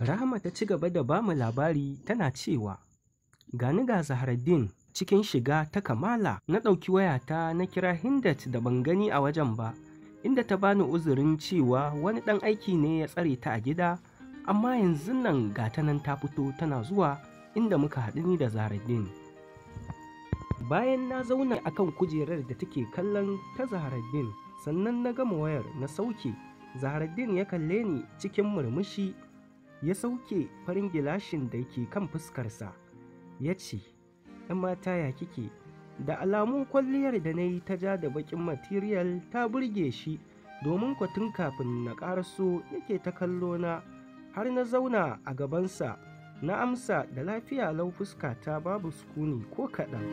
Rahama ta ci gaba da bamu labari tana cewa, Gani ga Zaharaddin cikin shiga ta kamala na ɗauki wayata na kira Hindat da ban gani a wajen ba, inda ta bani uzurin cewa wani ɗan aiki ne ya tsare ta a gida, amma yanzu nan gata nan ta fito tana zuwa inda muka haɗu ni da Zaharaddin. Bayan na zauna akan kujerar da take kallon ta Zaharaddin, sannan na gama wayar na sauke, Zaharaddin ya kalle ni cikin murmushi ya sauke farin gilashin da ke kan fuskarsa ya ce mata ya kike da alamun kwalliyar da na yi ta ja da bakin material ta burge shi domin kwatun kafin na ƙaraso yake ta kallo na har na zauna a gabansa na amsa da lafiya lau fuska ta babu sukuni ko kaɗan.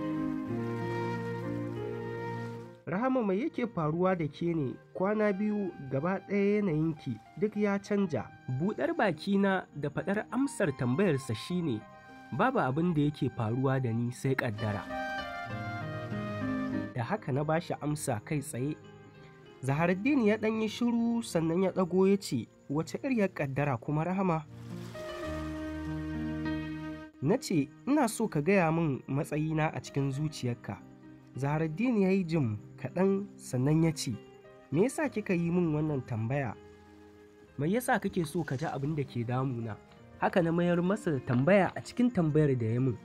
Rahama mai yake faruwa da ke ne kwana biyu gaba ɗaya yanayinki duk ya canja. Buɗar bakina da faɗar amsar tambayarsa shine babu abin da yake faruwa da ni sai ƙaddara. Da haka na bashi amsa kai tsaye. Zaharuddin ya ɗan yi shiru sannan ya ɗago ya ce wace iriyar ƙaddara kuma Rahama. Na ce ina so ka gaya min matsayina a cikin zuciyarka. Zaharaddin ya yi jim kaɗan sannan ya ce, Me yasa kika yi min wannan tambaya? Mai yasa kake so ka ji abin da ke damuna? Haka na mayar masa da tambaya a cikin tambayar da ya min.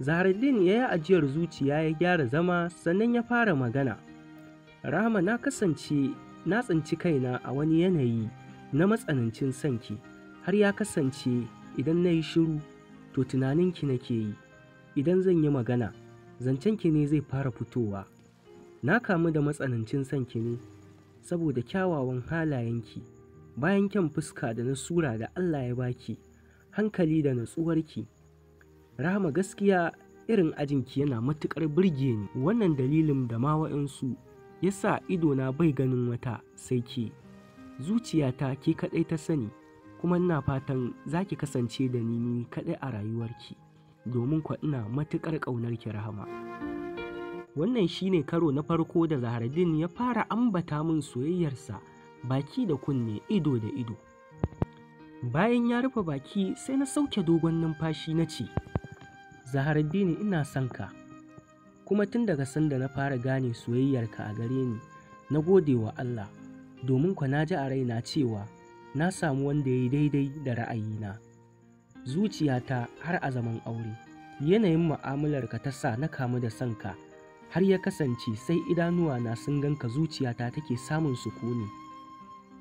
Zaharaddin ya yi ajiyar zuciya ya gyara zama sannan ya fara magana. Rahama na kasance na tsinci kaina a wani yanayi na matsanancin sanki har ya kasance idan na yi shiru to tunaninki nake yi idan zan yi magana zancenki ne zai fara fitowa na kamu da matsanancin sanki ne saboda kyawawan halayenki bayan kyan fuska da na sura da Allah ya baki hankali da natsuwarki rahama gaskiya irin ajinki yana matuƙar birge ni wannan dalilin da ma wa'insu ya sa idona bai ganin wata sai ke zuciyata ke kaɗai ta sani kuma ina fatan za ki kasance da ni kaɗai a rayuwarki. domin kwa ina matuƙar ƙaunar ki rahama wannan shi ne karo na farko da zaharadin ya fara ambata min soyayyarsa baki da kunne ido da ido bayan ya rufe baki sai na sauke dogon numfashi na ce zahardin ina son ka kuma tun daga sanda na fara gane soyayyarka a gare ni na gode wa Allah domin kwa na ji a raina cewa na samu wanda ya yi daidai da ra'ayina. zuciyata har a zaman aure yanayin ka ta sa na kamu da sanka har ya kasance sai idanuwa na sun ganka zuciyata take samun sukuni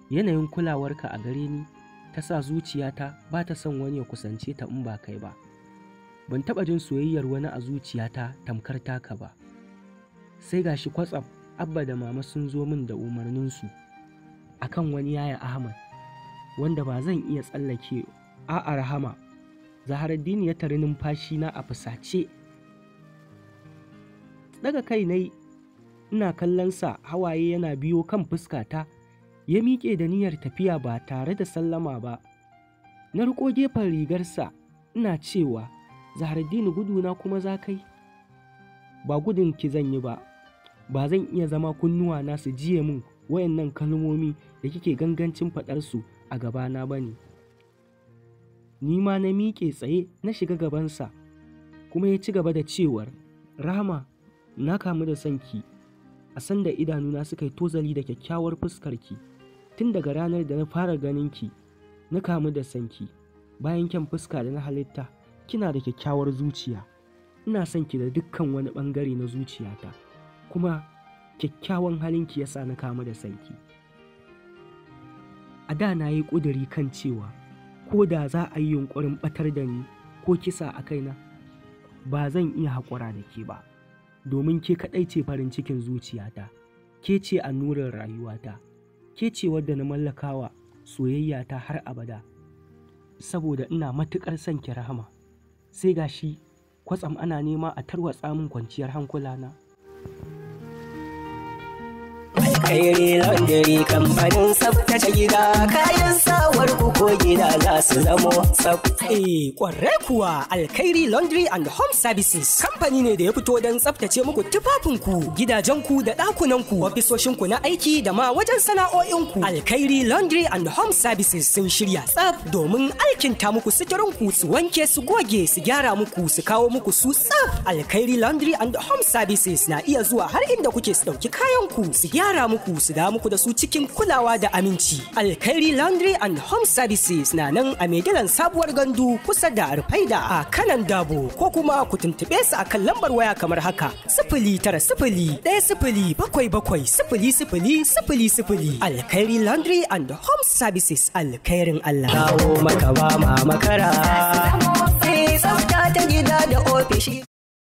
yanayin kulawarka a gare ni ta sa zuciyata ba ta son wani ya kusance ta in ba kai ba ban taɓa jin soyayyar wani a zuciyata tamkar taka ba sai ga shi kwatsam abba da mama sun zo min da umarninsu akan wani yaya ahmad wanda ba zan iya tsallake a'a rahama zaharaddini ya tari numfashi na a fusace daga kai nai ina kallon sa hawaye yana biyo kan fuskata ya miƙe da niyyar tafiya ba tare da sallama ba na riko gefen rigarsa ina cewa gudu guduna kuma za kai ba gudun ki zan yi ba ba zan iya zama kunnuwa na su jiye min wayannan kalmomi da kike gangancin faɗarsu a gabana ba ne ni ma na miƙe tsaye na shiga gabansa kuma ya ci gaba da cewar rahama na kamu da sanki a sanda idanuna suka yi tozali da kyakkyawar fuskarki tun daga ranar da na fara ganin ki na kamu da sanki bayan kyan fuska da na halitta kina da kyakkyawar zuciya ina son ki da dukkan wani bangare na zuciyata kuma kyakkyawan halinki yasa na kamu da sanki a da na yi ƙuduri kan cewa ko da za a yi yunkurin batar da ni ko kisa a kaina ba zan iya haƙura da ke ba domin ke kaɗai ce farin cikin zuciyata ke ce a nurin rayuwata ke ce wadda na mallakawa soyayyata har abada saboda ina matuƙar son ki rahama sai gashi kwatsam ana nema a tarwatsa min kwanciyar hankulana. na Kairi laundry kamfanin tsaftace gida kayan sawar ku ko gida za su zamo tsaf. Eh kwarai kuwa Alkairi Laundry and Home Services kamfani ne da ya fito don tsaftace muku tufafinku, gidajenku da ɗakunanku, ofisoshinku na aiki da ma wajen sana'o'inku. Alkairi Laundry and Home Services sun shirya tsaf domin alkinta muku suturinku su wanke su goge su gyara muku su kawo muku su tsaf. Alkairi Laundry and Home Services na iya zuwa har inda kuke su ɗauki kayanku su gyara muku su da muku da su cikin kulawa da aminci. Alkairi Laundry and Home Services na nan a maigilan sabuwar gandu kusa da arfaida. a kanan dabo ko kuma ku tuntuɓe su a kan lambar waya kamar haka sifili tara sifili ɗaya sifili bakwai bakwai sifili sifili sifili sifili Alkairi Laundry and Home Services alkairin Allah. Kawo maka ma makara. ta gida da ofishi.